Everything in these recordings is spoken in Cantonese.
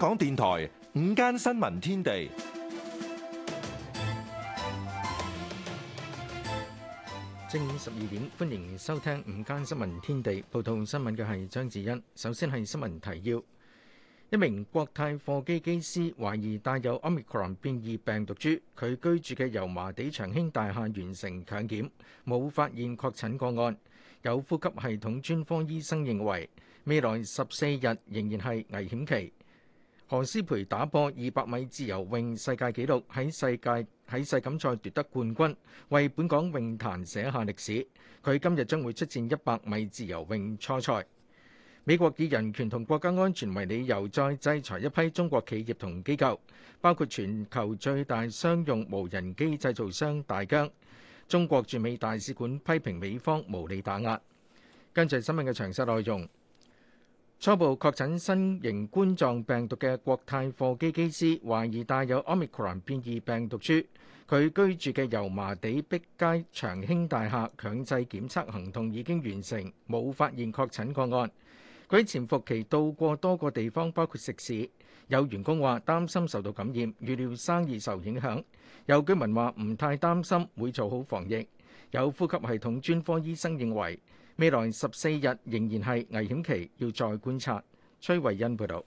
香港電台午間新聞天地，正午十二點，歡迎收聽午間新聞天地。報道新聞嘅係張智欣。首先係新聞提要：一名國泰貨機機師懷疑帶有 Omicron 變異病毒株，佢居住嘅油麻地長興大廈完成強檢，冇發現確診個案。有呼吸系統專科醫生認為，未來十四日仍然係危險期。何詩蓓打破二百米自由泳世界紀錄，喺世界喺世錦賽奪得冠軍，為本港泳壇寫下歷史。佢今日將會出戰一百米自由泳初賽。美國以人權同國家安全為理由，再制裁一批中國企業同機構，包括全球最大商用無人機製造商大疆。中國駐美大使館批評美方無理打壓。跟住新聞嘅詳細內容。初步確診新型冠狀病毒嘅國泰貨機機師，懷疑帶有 Omicron 變異病毒株。佢居住嘅油麻地碧街長興大廈強制檢測行動已經完成，冇發現確診個案。佢潛伏期到過多個地方，包括食肆。有員工話擔心受到感染，預料生意受影響。有居民話唔太擔心，會做好防疫。有呼吸系統專科醫生認為，未來十四日仍然係危險期，要再觀察。崔慧恩報導。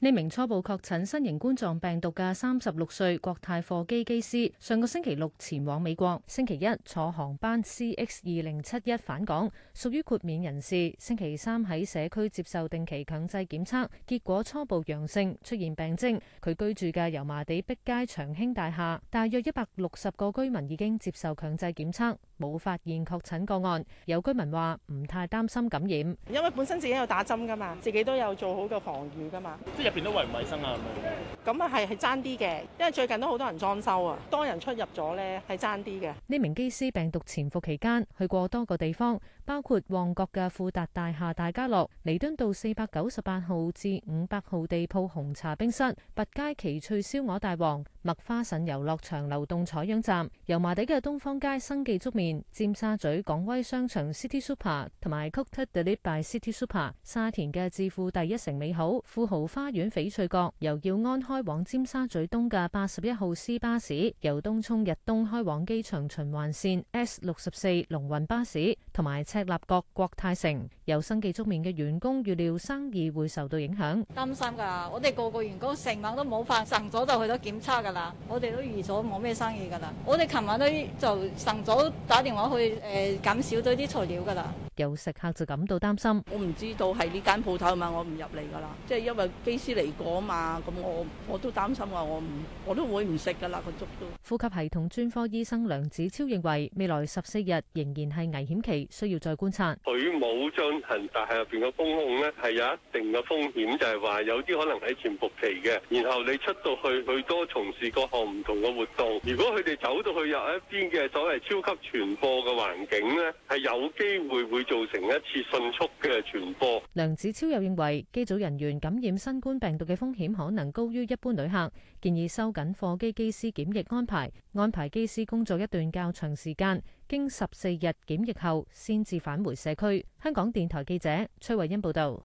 呢名初步確診新型冠狀病毒嘅三十六歲國泰貨機機師，上個星期六前往美國，星期一坐航班 CX 二零七一返港，屬於豁免人士。星期三喺社區接受定期強制檢測，結果初步陽性，出現病徵。佢居住嘅油麻地碧街長興大廈，大約一百六十個居民已經接受強制檢測，冇發現確診個案。有居民話唔太擔心感染，因為本身自己有打針㗎嘛，自己都有做好個防禦㗎嘛。一邊都衛唔衛生啊！咁樣。咁啊係係爭啲嘅，因為最近都好多人裝修啊，多人出入咗呢係爭啲嘅。呢名機師病毒潛伏期間，去過多個地方，包括旺角嘅富達大廈、大家樂、彌敦道498號至500號地鋪紅茶冰室、拔街奇趣燒鵝大王、麥花臣遊樂場流動採樣站、油麻地嘅東方街生記粥麵、尖沙咀港威商場 City Super 同埋 Cooked Deli by City Super、沙田嘅置富第一城美好富豪花園翡翠閣、油要安開。開往尖沙咀東嘅八十一號 C 巴士，由東涌逸東開往機場循環線 S 六十四龍運巴士。同埋赤鱲角國泰城有生記粥麵嘅員工預料生意會受到影響，擔心噶，我哋個個員工成晚都冇飯，晨早就去咗檢測噶啦，我哋都預咗冇咩生意噶啦，我哋琴晚都就晨早打電話去誒減、呃、少咗啲材料噶啦。有食客就感到擔心，我唔知道係呢間鋪頭啊嘛，我唔入嚟噶啦，即係因為機師嚟過啊嘛，咁我我都擔心啊，我唔我都會唔食噶啦個粥都。呼吸系統專科醫生梁子超認為，未來十四日仍然係危險期。需要再觀察，佢冇進行，但係入邊嘅風控呢係有一定嘅風險，就係話有啲可能喺潛伏期嘅。然後你出到去去多從事各項唔同嘅活動，如果佢哋走到去入一邊嘅所謂超級傳播嘅環境呢，係有機會會造成一次迅速嘅傳播。梁子超又認為機組人員感染新冠病毒嘅風險可能高於一般旅客，建議收緊貨機機師檢疫安排，安排機師工作一段較長時間。經十四日檢疫後，先至返回社區。香港電台記者崔慧欣報道。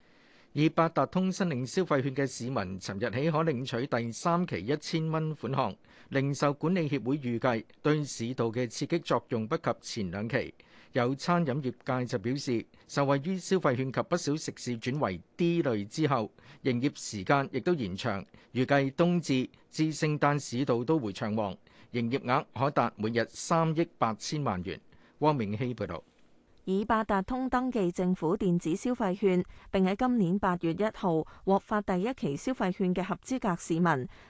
以八達通申領消費券嘅市民，尋日起可領取第三期一千蚊款項。零售管理協會預計，對市道嘅刺激作用不及前兩期。有餐飲業，業界就表示，受惠於消費券及不少食肆轉為 D 類之後，營業時間亦都延長。預計冬至至聖誕市道都會暢旺。營業額可達每日三億八千萬元。汪明希報道，以八達通登記政府電子消費券並喺今年八月一號獲發第一期消費券嘅合資格市民，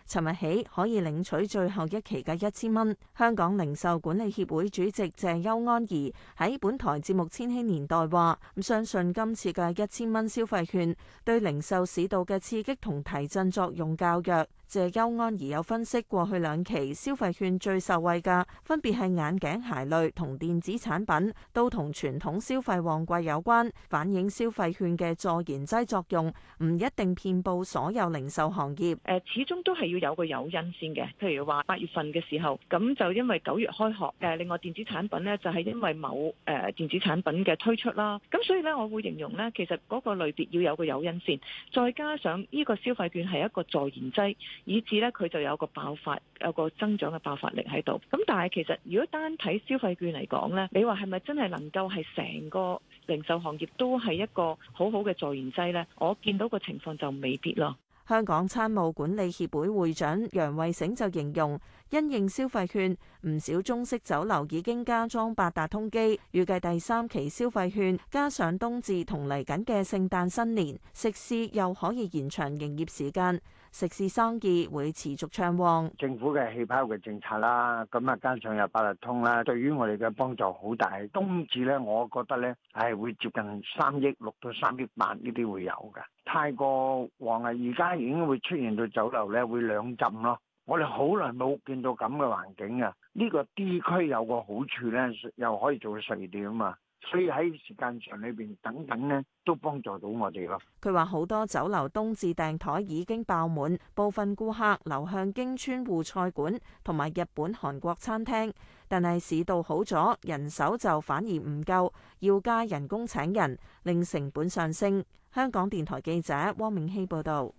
尋日起可以領取最後一期嘅一千蚊。香港零售管理協會主席謝邱安怡喺本台節目《千禧年代》話：相信今次嘅一千蚊消費券對零售市道嘅刺激同提振作用較弱。謝邱安宜有分析，過去兩期消費券最受惠嘅，分別係眼鏡鞋類同電子產品，都同傳統消費旺季有關，反映消費券嘅助燃劑作用，唔一定遍布所有零售行業。誒，始終都係要有個誘因先嘅。譬如話八月份嘅時候，咁就因為九月開學。誒，另外電子產品呢，就係、是、因為某誒、呃、電子產品嘅推出啦。咁所以呢，我會形容呢，其實嗰個類別要有個誘因先，再加上呢個消費券係一個助燃劑。以致呢，佢就有個爆發，有個增長嘅爆發力喺度。咁但係，其實如果單睇消費券嚟講呢，你話係咪真係能夠係成個零售行業都係一個好好嘅助燃劑呢？我見到個情況就未必咯。香港餐務管理協會會長楊慧醒就形容，因應消費券，唔少中式酒樓已經加裝八達通機，預計第三期消費券加上冬至同嚟緊嘅聖誕新年，食肆又可以延長營業時間。食肆生意會持續暢旺，政府嘅氣泡嘅政策啦，咁啊加上有八達通啦，對於我哋嘅幫助好大。冬至咧，我覺得咧係會接近三億六到三億八呢啲會有嘅。太過旺啊，而家已經會出現到酒樓咧會兩浸咯。我哋好耐冇見到咁嘅環境啊！呢個地區有個好處咧，又可以做到十二點啊嘛。所以喺時間上裏邊等等咧，都幫助到我哋咯。佢話好多酒樓冬至訂枱已經爆滿，部分顧客流向京川滬菜館同埋日本韓國餐廳，但係市道好咗，人手就反而唔夠，要加人工請人，令成本上升。香港電台記者汪明希報道。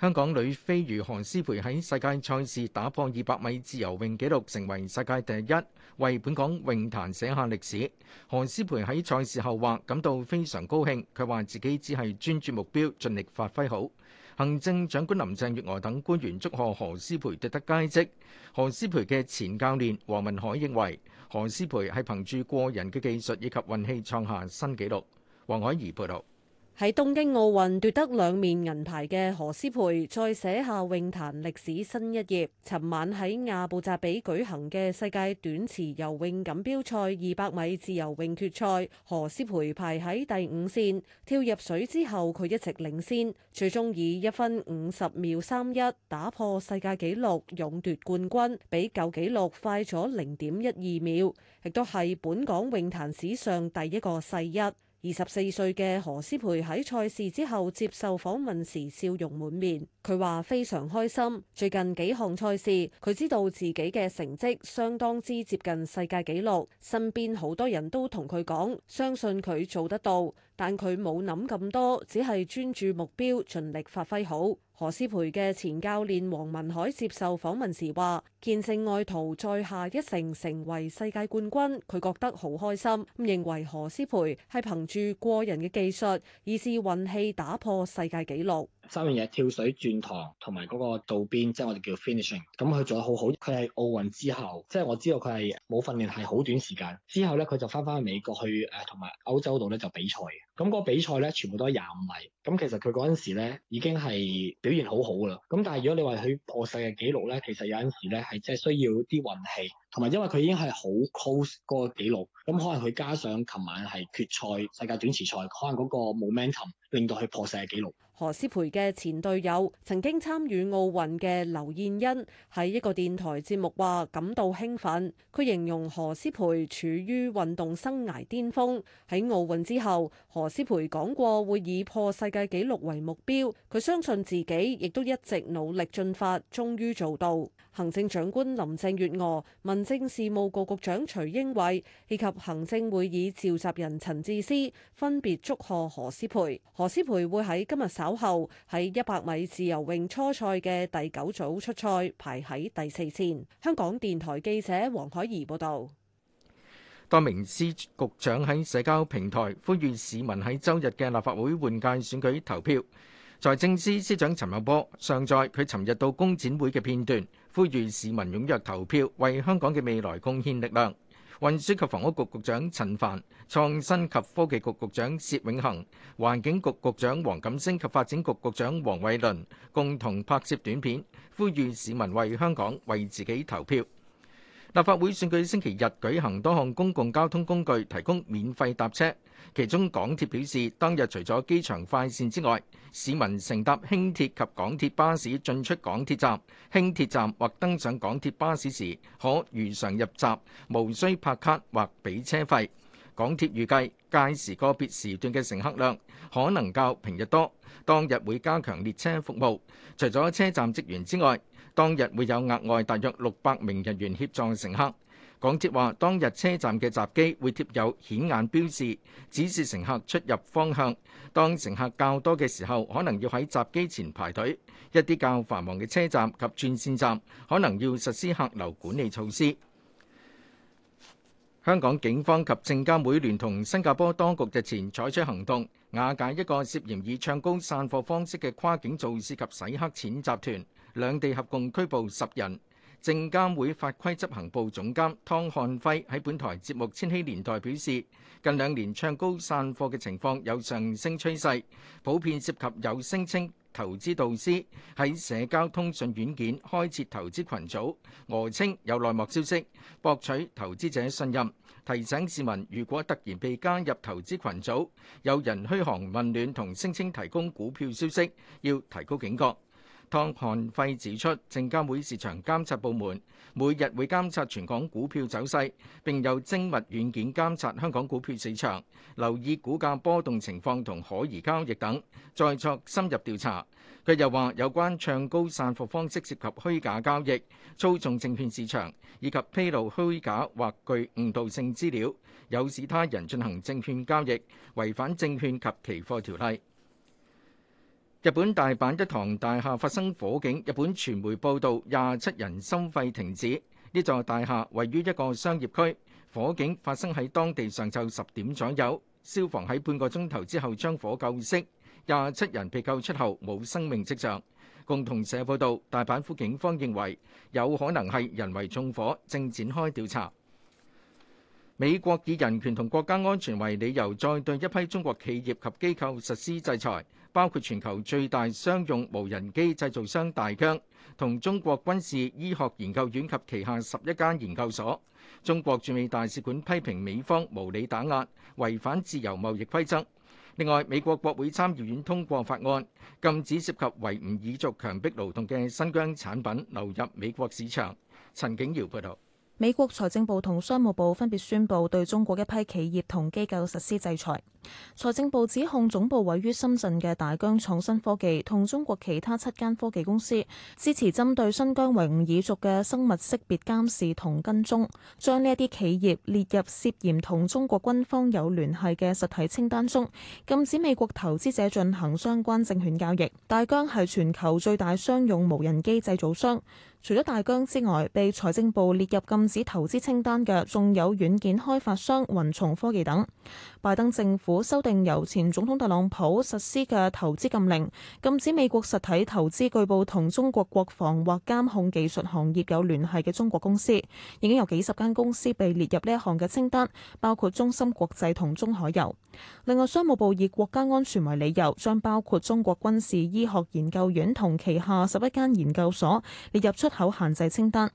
香港女飛魚何詩蓓喺世界賽事打破二百米自由泳紀錄，成為世界第一，為本港泳壇寫下歷史。何詩蓓喺賽事後話感到非常高興，佢話自己只係專注目標，盡力發揮好。行政長官林鄭月娥等官員祝賀何詩蓓奪得佳績。何詩蓓嘅前教練黃文海認為何詩蓓係憑住過人嘅技術以及運氣創下新紀錄，黃海怡報導。喺東京奧運奪得兩面銀牌嘅何詩蓓，再寫下泳壇歷史新一頁。尋晚喺亞布扎比舉行嘅世界短池游泳錦標賽二百米自由泳決賽，何詩蓓排喺第五線，跳入水之後佢一直領先，最終以一分五十秒三一打破世界紀錄，勇奪冠軍，比舊紀錄快咗零點一二秒，亦都係本港泳壇史上第一個世一。二十四歲嘅何詩蓓喺賽事之後接受訪問時笑容滿面，佢話非常開心。最近幾項賽事，佢知道自己嘅成績相當之接近世界紀錄，身邊好多人都同佢講相信佢做得到，但佢冇諗咁多，只係專注目標，盡力發揮好。何詩蓓嘅前教練王文海接受訪問時話，健勝愛徒再下一城成為世界冠軍，佢覺得好開心，認為何詩蓓係憑住過人嘅技術，以是運氣打破世界紀錄。三樣嘢：跳水轉堂、轉塘同埋嗰個道邊，即係我哋叫 finishing。咁佢做得好好，佢係奧運之後，即係我知道佢係冇訓練，係好短時間之後咧，佢就翻翻去美國去誒，同埋歐洲度咧就比賽咁個比賽咧，全部都係廿五米。咁其實佢嗰陣時咧，已經係表現好好㗎啦。咁但係如果你話佢破世界紀錄咧，其實有陣時咧係真係需要啲運氣。同埋，因為佢已經係好 close 嗰個紀錄，咁可能佢加上琴晚係決賽世界短池賽，可能嗰個 momentum 令到佢破世界紀錄。何詩蓓嘅前隊友曾經參與奧運嘅劉燕恩喺一個電台節目話感到興奮，佢形容何詩蓓處於運動生涯巔峰。喺奧運之後，何詩蓓講過會以破世界紀錄為目標，佢相信自己亦都一直努力進發，終於做到。行政長官林鄭月娥、民政事務局局長徐英偉以及行政會議召集人陳智思分別祝賀何詩蓓。何詩蓓會喺今日稍後喺一百米自由泳初賽嘅第九組出賽，排喺第四線。香港電台記者黃海怡報導。多名司局長喺社交平台呼籲市民喺周日嘅立法會換屆選舉投票。財政司司長陳茂波上載佢尋日到工展會嘅片段。呼籲市民踴躍投票，為香港嘅未來貢獻力量。運輸及房屋局局，局長陳帆、創新及科技局局長薛永恒、環境局局長黃錦星及發展局局長黃偉綸共同拍攝短片，呼籲市民為香港、為自己投票。立法會選舉星期日舉行，多項公共交通工具提供免費搭車。其中港鐵表示，當日除咗機場快線之外，市民乘搭輕鐵及港鐵巴士進出港鐵站、輕鐵站或登上港鐵巴士時，可如常入閘，無需拍卡或俾車費。港鐵預計屆時個別時段嘅乘客量可能較平日多，當日會加強列車服務，除咗車站職員之外。當日會有額外大約六百名人員協助乘客。港鐵話，當日車站嘅閘機會貼有顯眼標誌，指示乘客出入方向。當乘客較多嘅時候，可能要喺閘機前排隊。一啲較繁忙嘅車站及轉線站，可能要實施客流管理措施。香港警方及證監會聯同新加坡當局日前採取行動，瓦解一個涉嫌以唱高散貨方式嘅跨境造市及洗黑錢集團。兩地合共拘捕十人。證監會法規執行部總監湯漢輝喺本台節目《千禧年代》表示，近兩年唱高散貨嘅情況有上升趨勢，普遍涉及有聲稱投資導師喺社交通訊軟件開設投資群組，訛稱有內幕消息，博取投資者信任。提醒市民，如果突然被加入投資群組，有人噓寒問暖同聲稱提供股票消息，要提高警覺。湯漢輝指出，證監會市場監察部門每日會監察全港股票走勢，並有精密軟件監察香港股票市場，留意股價波動情況同可疑交易等，再作深入調查。佢又話：有關唱高散貨方式涉及虛假交易、操縱證券市場，以及披露虛假或具誤導性資料，誘使他人進行證券交易，違反證券及期貨條例。日本大阪一堂大廈發生火警，日本傳媒報道廿七人心肺停止。呢座大廈位於一個商業區，火警發生喺當地上晝十點左右，消防喺半個鐘頭之後將火救熄。廿七人被救出後冇生命跡象。共同社報道，大阪府警方認為有可能係人為縱火，正展開調查。美國以人權同國家安全為理由，再對一批中國企業及機構實施制裁。包括全球最大商用無人機製造商大疆，同中國軍事醫學研究院及旗下十一間研究所。中國駐美大使館批評美方無理打壓，違反自由貿易規則。另外，美國國會參議院通過法案，禁止涉及維吾爾族強迫勞動嘅新疆產品流入美國市場。陳景耀報導。美國財政部同商務部分別宣布對中國一批企業同機構實施制裁。財政部指控總部位於深圳嘅大疆創新科技同中國其他七間科技公司支持針對新疆維吾爾族嘅生物識別監視同跟蹤，將呢一啲企業列入涉嫌同中國軍方有聯繫嘅實體清單中，禁止美國投資者進行相關證券交易。大疆係全球最大商用無人機製造商。除咗大疆之外，被財政部列入禁止投資清單嘅，仲有軟件開發商雲從科技等。拜登政府修訂由前總統特朗普實施嘅投資禁令，禁止美國實體投資據報同中國國防或監控技術行業有聯繫嘅中國公司。已經有幾十間公司被列入呢一項嘅清單，包括中芯國際同中海油。另外，商務部以國家安全為理由，將包括中國軍事醫學研究院同旗下十一間研究所列入出口限制清單。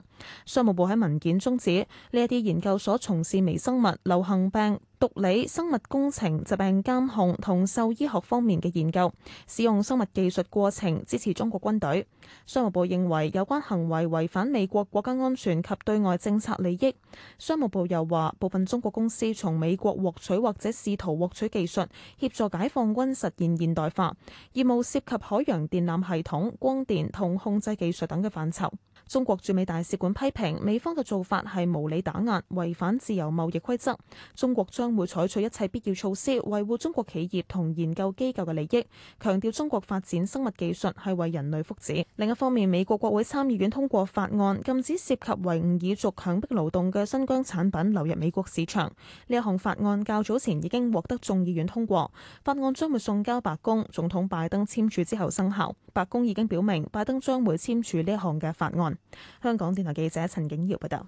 商務部喺文件中指，呢一啲研究所從事微生物、流行病、毒理生物工程、疾病監控同獸醫學方面嘅研究，使用生物技術過程支持中國軍隊。商務部認為有關行為違反美國國家安全及對外政策利益。商務部又話，部分中國公司從美國獲取或者試圖獲取技術，協助解放軍實現現代化，業務涉及海洋電纜系統、光電同控制技術等嘅範疇。中國駐美大使館批評美方嘅做法係無理打壓，違反自由貿易規則。中國將。會採取一切必要措施維護中國企業同研究機構嘅利益，強調中國發展生物技術係為人類福祉。另一方面，美國國會參議院通過法案，禁止涉及維吾爾族強迫勞動嘅新疆產品流入美國市場。呢一項法案較早前已經獲得眾議院通過，法案將會送交白宮，總統拜登簽署之後生效。白宮已經表明拜登將會簽署呢一項嘅法案。香港電台記者陳景堯報道。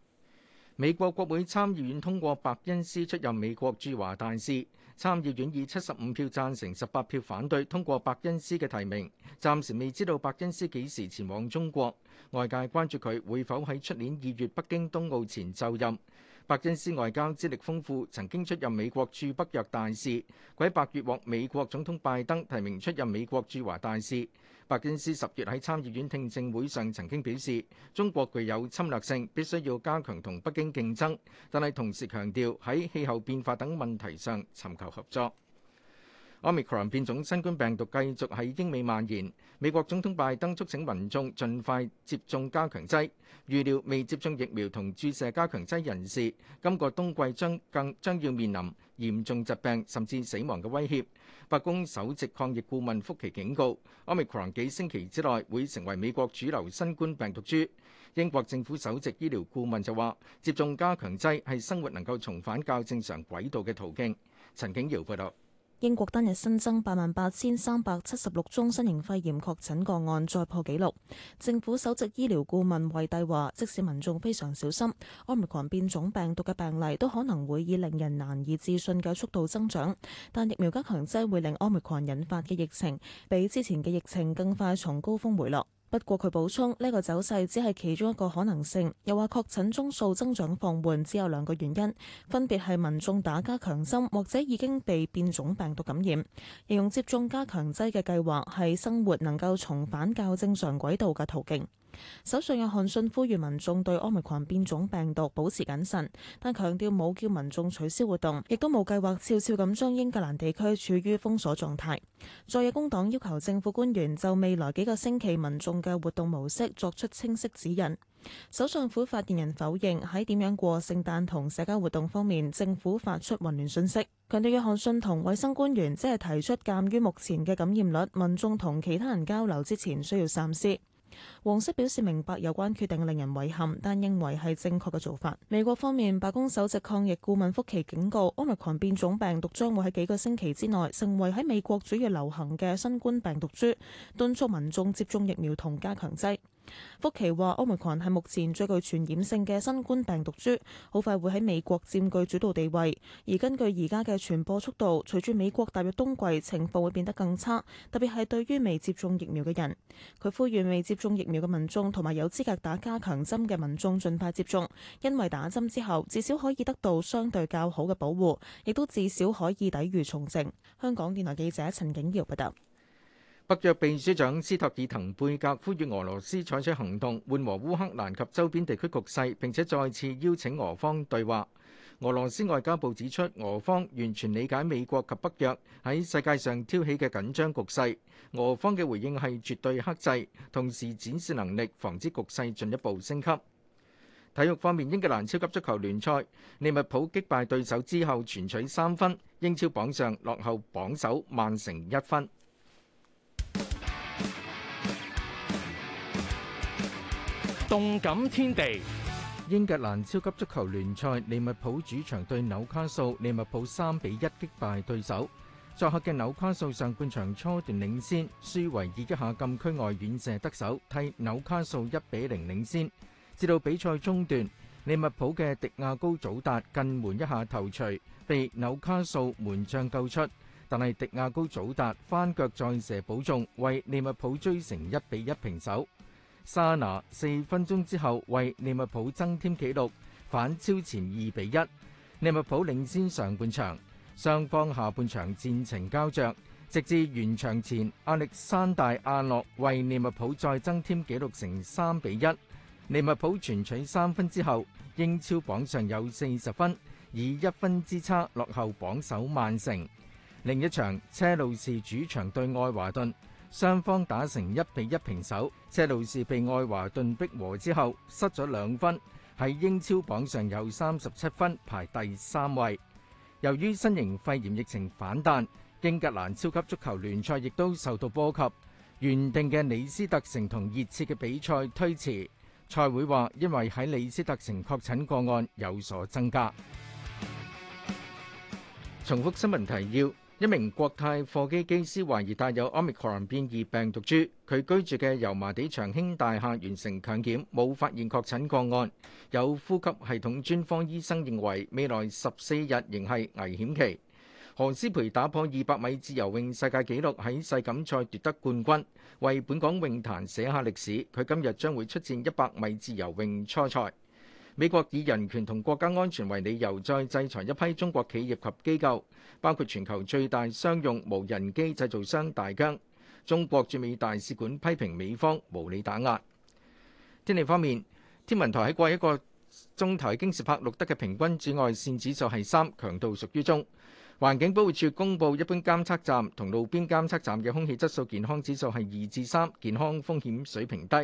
美國國會參議院通過白恩斯出任美國駐華大使。參議院以七十五票贊成、十八票反對通過白恩斯嘅提名。暫時未知道白恩斯幾時前往中國，外界關注佢會否喺出年二月北京冬奧前就任。白恩斯外交資歷豐富，曾經出任美國駐北約大使，佢喺八月獲美國總統拜登提名出任美國駐華大使。白金斯十月喺參議院聽證會上曾經表示，中國具有侵略性，必須要加強同北京競爭，但係同時強調喺氣候變化等問題上尋求合作。Omicron 變種新冠病毒繼續喺英美蔓延。美國總統拜登促請民眾盡快接種加強劑，預料未接種疫苗同注射加強劑人士今個冬季將更將，將要面臨嚴重疾病甚至死亡嘅威脅。白宮首席抗疫顧問福奇警告，Omicron 幾星期之內會成為美國主流新冠病毒株。英國政府首席醫療顧問就話，接種加強劑係生活能夠重返較正常軌道嘅途徑。陳景瑤報道。英國單日新增八萬八千三百七十六宗新型肺炎確診個案，再破紀錄。政府首席醫療顧問惠蒂話，即使民眾非常小心，奧密克戎變種病毒嘅病例都可能會以令人難以置信嘅速度增長。但疫苗加強劑會令奧密克戎引發嘅疫情，比之前嘅疫情更快從高峰回落。不過佢補充，呢個走勢只係其中一個可能性。又話確診宗數增長放緩，只有兩個原因，分別係民眾打加強針或者已經被變種病毒感染。形容接種加強劑嘅計劃係生活能夠重返較正常軌道嘅途徑。首相約翰遜呼籲民眾對奧密克變種病毒保持謹慎，但強調冇叫民眾取消活動，亦都冇計劃悄悄咁將英格蘭地區處於封鎖狀態。在野工黨要求政府官員就未來幾個星期民眾嘅活動模式作出清晰指引。首相府發言人否認喺點樣過聖誕同社交活動方面政府發出混亂信息，強調約翰遜同衛生官員只係提出，鑒於目前嘅感染率，民眾同其他人交流之前需要三思。黃色表示明白有關決定令人遺憾，但認為係正確嘅做法。美國方面，白宮首席抗疫顧問福奇警告，奧密克戎變種病毒將會喺幾個星期之內成為喺美國主要流行嘅新冠病毒株，敦促民眾接種疫苗同加強劑。福奇話，Omicron 係目前最具傳染性嘅新冠病毒株，好快會喺美國佔據主導地位。而根據而家嘅傳播速度，隨住美國踏入冬季，情況會變得更差，特別係對於未接種疫苗嘅人。佢呼籲未接種疫苗嘅民眾同埋有資格打加強針嘅民眾盡快接種，因為打針之後至少可以得到相對較好嘅保護，亦都至少可以抵禦重症。香港電台記者陳景堯報道。北約秘書長斯托爾滕貝格呼籲俄羅斯採取行動緩和烏克蘭及周邊地區局勢，並且再次邀請俄方對話。俄羅斯外交部指出，俄方完全理解美國及北約喺世界上挑起嘅緊張局勢。俄方嘅回應係絕對克制，同時展示能力，防止局勢進一步升級。體育方面，英格蘭超級足球聯賽利物浦擊敗對手之後，全取三分，英超榜上落後榜首曼城一分。動感天地，英格蘭超級足球聯賽，利物浦主場對紐卡素，利物浦三比一擊敗對手。作客嘅紐卡素上半場初段領先，舒維爾一下禁區外遠射得手，替紐卡素一比零領先。至到比賽中段，利物浦嘅迪亞高祖達近門一下頭槌被紐卡素門將救出，但係迪亞高祖達翻腳再射補中，為利物浦追成一比一平手。莎拿四分鐘之後為利物浦增添紀錄，反超前二比一，利物浦領先上半場。雙方下半場戰情膠著，直至完場前，亞力山大阿諾為利物浦再增添紀錄成三比一，利物浦全取三分之後，英超榜上有四十分，以一分之差落後榜首曼城。另一場車路士主場對愛華頓。雙方打成一比一平手，車路士被愛華頓逼和之後失咗兩分，喺英超榜上有三十七分，排第三位。由於新型肺炎疫情反彈，英格蘭超級足球聯賽亦都受到波及，原定嘅李斯特城同熱刺嘅比賽推遲。賽會話因為喺李斯特城確診個案有所增加。重複新聞提要。一名國泰貨機機師懷疑帶有 omicron 變異病毒株，佢居住嘅油麻地長興大廈完成強檢，冇發現確診個案。有呼吸系統專科醫生認為未來十四日仍係危險期。何詩蓓打破二百米自由泳世界紀錄，喺世錦賽奪得冠軍，為本港泳壇寫下歷史。佢今日將會出戰一百米自由泳初賽。美國以人權同國家安全為理由，再制裁一批中國企業及機構，包括全球最大商用無人機製造商大疆。中國駐美大使館批評美方無理打壓。天氣方面，天文台喺過一個鐘頭京士柏錄得嘅平均紫外線指數係三，強度屬於中。環境保護署公布，一般監測站同路邊監測站嘅空氣質素健康指數係二至三，健康風險水平低。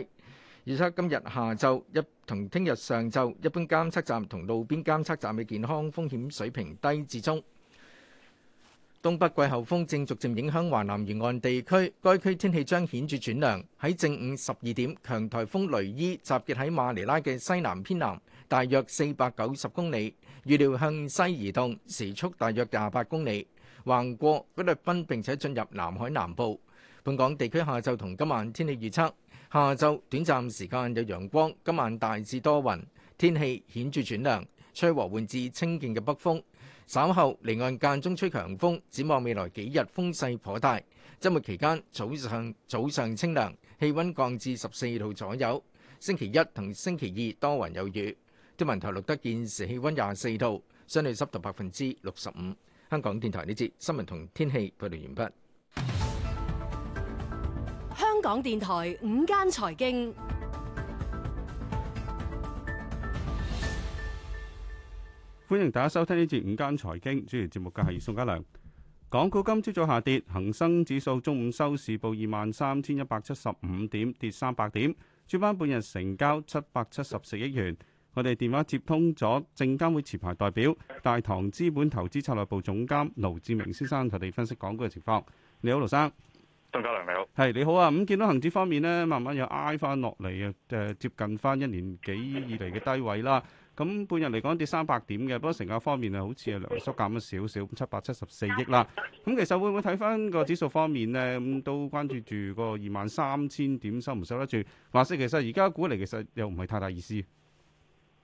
預測今日下晝一同聽日上晝一般監測站同路邊監測站嘅健康風險水平低至中。東北季候風正逐漸影響華南沿岸地區，該區天氣將顯著轉涼。喺正午十二點，強颱風雷伊集結喺馬尼拉嘅西南偏南，大約四百九十公里，預料向西移動，時速大約廿八公里，橫過菲律賓並且進入南海南部。本港地區下晝同今晚天氣預測。下晝短暫時間有陽光，今晚大致多雲，天氣顯著轉涼，吹和緩至清勁嘅北風。稍後離岸間中吹強風，展望未來幾日風勢頗大。周末期間早上早上清涼，氣温降至十四度左右。星期一同星期二多雲有雨。天文台錄得現時氣温廿四度，相對濕度百分之六十五。香港電台呢節新聞同天氣報道完畢。香港電台午間財經，歡迎大家收聽呢節午間財經。主持節目嘅係宋家良。港股今朝早，早下跌，恒生指數中午收市報二萬三千一百七十五點，跌三百點。主板半日成交七百七十四億元。我哋電話接通咗證監會持牌代表、大堂資本投資策略部總監盧志明先生，佢哋分析港股嘅情況。你好，盧生。張嘉良你好，係你好啊！咁見到恒指方面咧，慢慢又挨翻落嚟啊，誒、呃，接近翻一年幾以嚟嘅低位啦。咁、呃、半日嚟講跌三百點嘅，不過成交方面啊，好似係縮減咗少少，七百七十四億啦。咁、嗯、其實會唔會睇翻個指數方面咧？咁都關注住個二萬三千點收唔收得住？話是，其實而家估嚟其實又唔係太大意思。誒、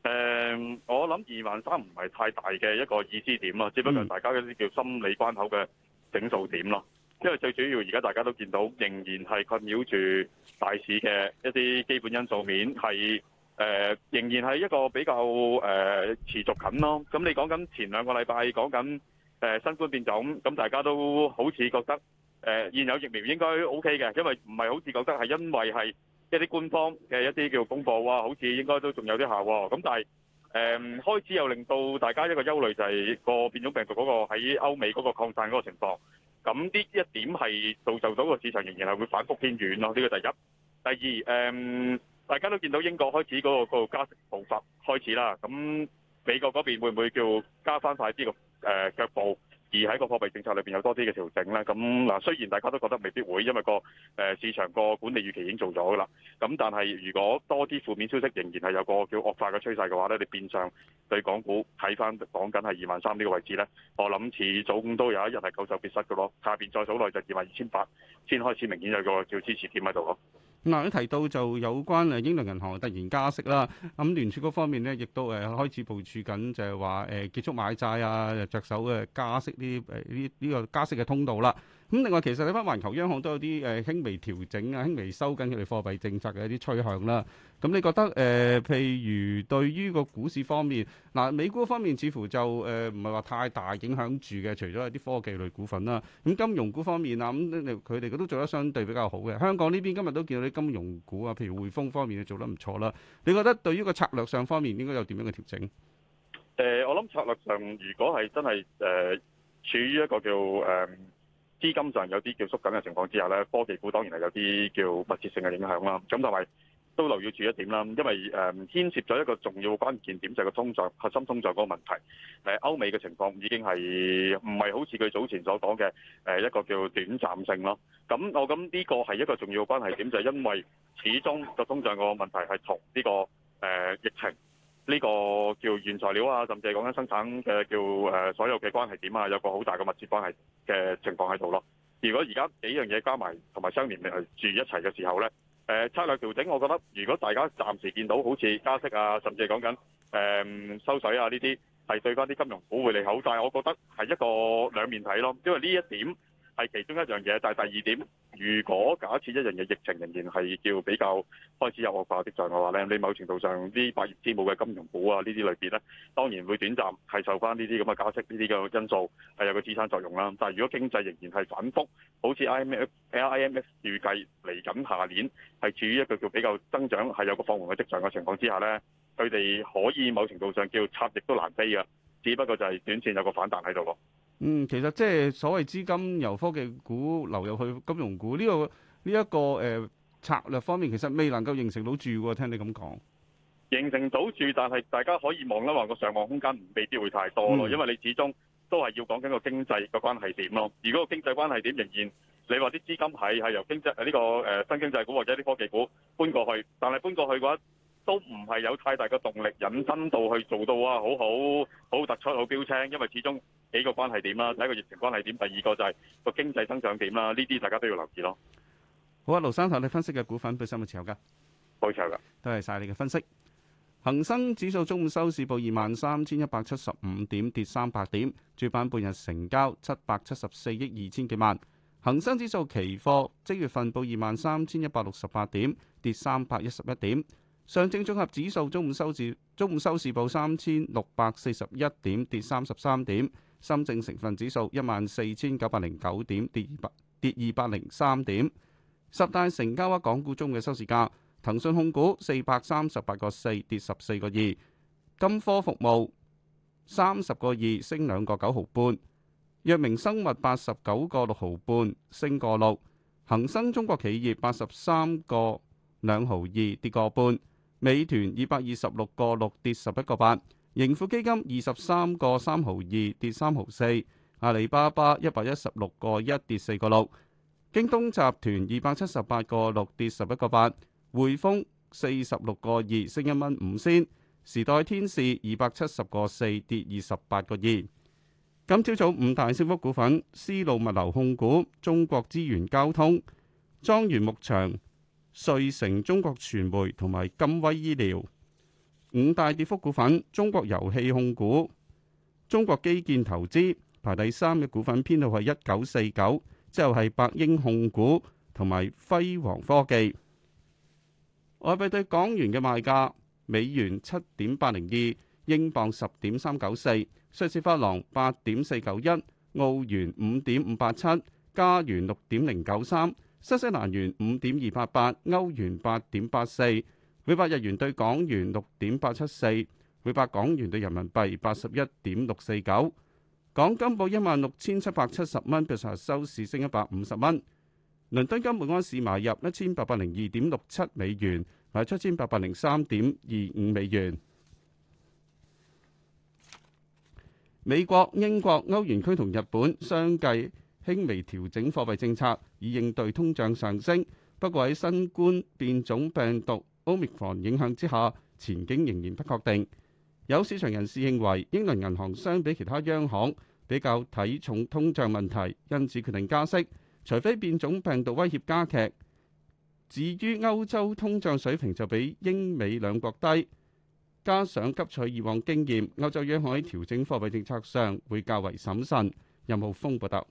嗯，我諗二萬三唔係太大嘅一個意思點咯，只不過大家嗰啲叫心理關口嘅整數點咯。因為最主要而家大家都見到，仍然係困擾住大市嘅一啲基本因素面，係誒、呃、仍然係一個比較誒、呃、持續緊咯。咁、嗯、你講緊前兩個禮拜講緊誒新冠變種，咁、嗯、大家都好似覺得誒、呃、現有疫苗應該 O K 嘅，因為唔係好似覺得係因為係一啲官方嘅一啲叫做公告啊，好似應該都仲有啲效喎。咁、嗯、但係誒、呃、開始又令到大家一個憂慮就係個變種病毒嗰個喺歐美嗰個擴散嗰個情況。咁呢一點係造就到個市場仍然係會反覆偏軟咯，呢個第一。第二，誒、嗯，大家都見到英國開始嗰、嗰個嗰個加息步伐開始啦，咁美國嗰邊會唔會叫加翻快啲個誒、呃、腳步？而喺個貨幣政策裏邊有多啲嘅調整咧，咁嗱雖然大家都覺得未必會，因為個誒市場個管理預期已經做咗噶啦，咁但係如果多啲負面消息仍然係有個叫惡化嘅趨勢嘅話咧，你變相對港股睇翻講緊係二萬三呢個位置咧，我諗始終都有一日係久守必失嘅咯，下邊再數落去就二萬二千八先開始明顯有個叫支持點喺度咯。嗱，提到就有關英倫銀行突然加息啦，咁聯儲嗰方面呢亦都誒開始部署緊，就係話誒結束買債啊，著手加息呢啲、呢個加息嘅通道啦。咁另外其實你翻環球央行都有啲誒輕微調整啊、輕微收緊佢哋貨幣政策嘅一啲趨向啦。咁、嗯、你覺得誒、呃，譬如對於個股市方面，嗱、呃、美股方面似乎就誒唔係話太大影響住嘅，除咗有啲科技類股份啦。咁、嗯、金融股方面啊，咁佢哋都做得相對比較好嘅。香港呢邊今日都見到啲金融股啊，譬如匯豐方面做得唔錯啦。你覺得對於個策略上方面應該有點樣嘅調整？誒、呃，我諗策略上如果係真係誒、呃、處於一個叫誒。呃資金上有啲叫縮緊嘅情況之下咧，科技股當然係有啲叫密切性嘅影響啦。咁但係都留意住一點啦，因為誒牽涉咗一個重要關鍵點就係、是、個通脹核心通脹嗰個問題。誒歐美嘅情況已經係唔係好似佢早前所講嘅誒一個叫短暫性咯。咁我諗呢個係一個重要關係點，就係、是、因為始終個通脹個問題係同呢個誒疫情。呢個叫原材料啊，甚至係講緊生產嘅叫誒所有嘅關係點啊，有個好大嘅密切關係嘅情況喺度咯。如果而家幾樣嘢加埋同埋相連嚟住一齊嘅時候呢，誒、呃、策略調整，我覺得如果大家暫時見到好似加息啊，甚至係講緊收水啊呢啲，係對翻啲金融股會利好，但係我覺得係一個兩面睇咯，因為呢一點。係其中一樣嘢，但係第二點，如果假設一樣嘅疫情仍然係叫比較開始有惡化跡象嘅話咧，你某程度上啲百業之母嘅金融股啊，呢啲類別咧，當然會短暫係受翻呢啲咁嘅加息呢啲嘅因素係有個支撐作用啦。但係如果經濟仍然係反覆，好似 IMF IMF 預計嚟緊下年係處於一個叫比較增長係有個放緩嘅跡象嘅情況之下咧，佢哋可以某程度上叫插翼都難飛嘅，只不過就係短線有個反彈喺度咯。嗯，其實即係所謂資金由科技股流入去金融股呢、這個呢一、這個誒、呃、策略方面，其實未能夠形成到住喎。聽你咁講，形成到住，但係大家可以望一望個上望空間唔未必會太多咯，嗯、因為你始終都係要講緊個經濟嘅關係點咯。如果個經濟關係點仍然你話啲資金係係由經濟誒呢個誒新經濟股或者啲科技股搬過去，但係搬過去嘅話，都唔係有太大嘅動力，引申到去做到啊，好好好突出、好標青，因為始終幾個關係點啦，第一個疫情關係點，第二個就係個經濟增長點啦。呢啲大家都要留意咯。好啊，盧生頭你分析嘅股份本身冇持有噶？好，持有噶。多謝晒你嘅分析。恒生指數中午收市報二萬三千一百七十五點，跌三百點。主板半日成交七百七十四億二千幾萬。恒生指數期貨即月份報二萬三千一百六十八點，跌三百一十一點。上證綜合指數中午收市，中午收市報三千六百四十一點，跌三十三點。深證成分指數一萬四千九百零九點，跌二百跌二百零三點。十大成交額港股中嘅收市價，騰訊控股四百三十八個四，跌十四個二。金科服務三十個二，升兩個九毫半。藥明生物八十九個六毫半，升個六。恒生中國企業八十三個兩毫二，跌個半。美團二百二十六個六，跌十一個八，盈富基金二十三個三毫二，跌三毫四，阿里巴巴一百一十六個一，跌四個六，京東集團二百七十八個六，跌十一個八，匯豐四十六個二升一蚊五仙，時代天使二百七十個四，跌二十八個二。今朝早五大升幅股份：絲路物流控股、中國資源交通、莊園牧場、瑞成中國傳媒同埋金威醫療五大跌幅股份，中國遊戲控股、中國基建投資排第三嘅股份編號係一九四九，之後係百英控股同埋輝煌科技。外幣對港元嘅賣價，美元七點八零二，英鎊十點三九四，瑞士法郎八點四九一，澳元五點五八七，加元六點零九三。新西蘭元五點二八八，歐元八點八四，每百日元對港元六點八七四，每百港元對人民幣八十一點六四九。港金報一萬六千七百七十蚊，比上日收市升一百五十蚊。倫敦金每安士買入一千八百零二點六七美元，賣出一千八百零三點二五美元。美國、英國、歐元區同日本相繼輕微調整貨幣政策，以應對通脹上升。不過喺新冠變種病毒 Omicron 影響之下，前景仍然不確定。有市場人士認為，英倫銀行相比其他央行比較睇重通脹問題，因此決定加息，除非變種病毒威脅加劇。至於歐洲通脹水平就比英美兩國低，加上吸取以往經驗，歐洲央行喺調整貨幣政策上會較為審慎。任浩峰報道。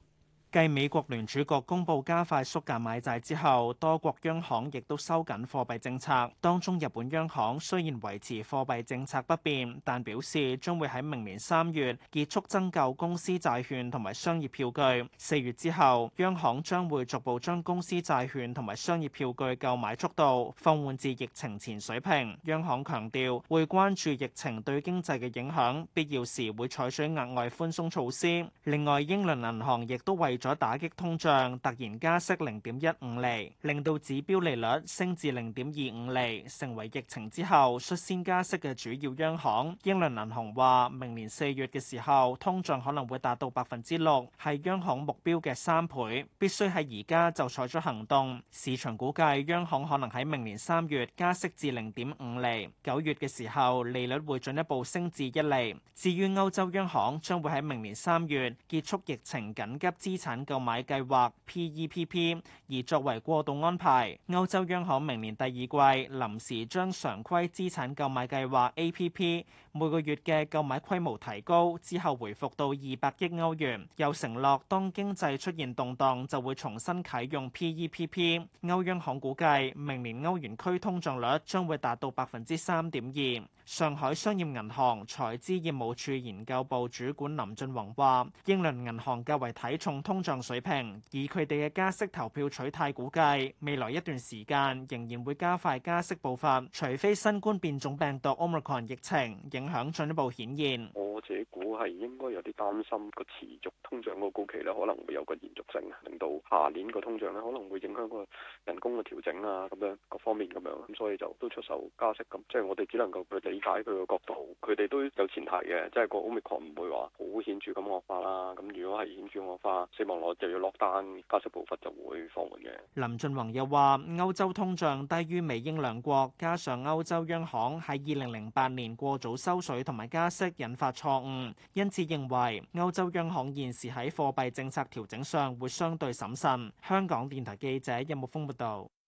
繼美國聯儲局公布加快縮減買債之後，多國央行亦都收緊貨幣政策。當中日本央行雖然維持貨幣政策不變，但表示將會喺明年三月結束增購公司債券同埋商業票據。四月之後，央行將會逐步將公司債券同埋商業票據購買速度放緩至疫情前水平。央行強調會關注疫情對經濟嘅影響，必要時會採取額外寬鬆措施。另外，英倫銀行亦都為咗打擊通脹，突然加息零點一五厘，令到指標利率升至零點二五厘，成為疫情之後率先加息嘅主要央行。英倫銀行話，明年四月嘅時候，通脹可能會達到百分之六，係央行目標嘅三倍，必須喺而家就採取行動。市場估計，央行可能喺明年三月加息至零點五厘，九月嘅時候利率會進一步升至一厘。至於歐洲央行，將會喺明年三月結束疫情緊急資產產購買計劃 PEPP，e、而作為過渡安排，歐洲央行明年第二季臨時將常規資產購買計劃 APP 每個月嘅購買規模提高，之後回復到二百億歐元，又承諾當經濟出現動盪，就會重新啟用 PEPP、e。歐央行估計明年歐元區通脹率將會達到百分之三點二。上海商業銀行財資業務處研究部主管林進宏話：英倫銀行較為體重通。水平，以佢哋嘅加息投票取態估計，未來一段時間仍然會加快加息步伐，除非新冠變種病毒 Omicron 疫情影響進一步顯現。我自己估係應該有啲擔心個持續通脹個高期咧，可能會有個延續性，令到下年個通脹咧，可能會影響個人工嘅調整啊，咁樣各方面咁樣，咁所以就都出手加息咁。即係我哋只能夠去理解佢嘅角度，佢哋都有前提嘅，即係個 Omicron 唔會話好顯著咁惡化啦。咁如果係顯著惡化，希望我就要落單加息步伐就會放緩嘅。林俊宏又話：歐洲通脹低於美英兩國，加上歐洲央行喺二零零八年過早收水同埋加息，引發錯誤，因此認為歐洲央行現時喺貨幣政策調整上會相對審慎。香港電台記者任木峰報道。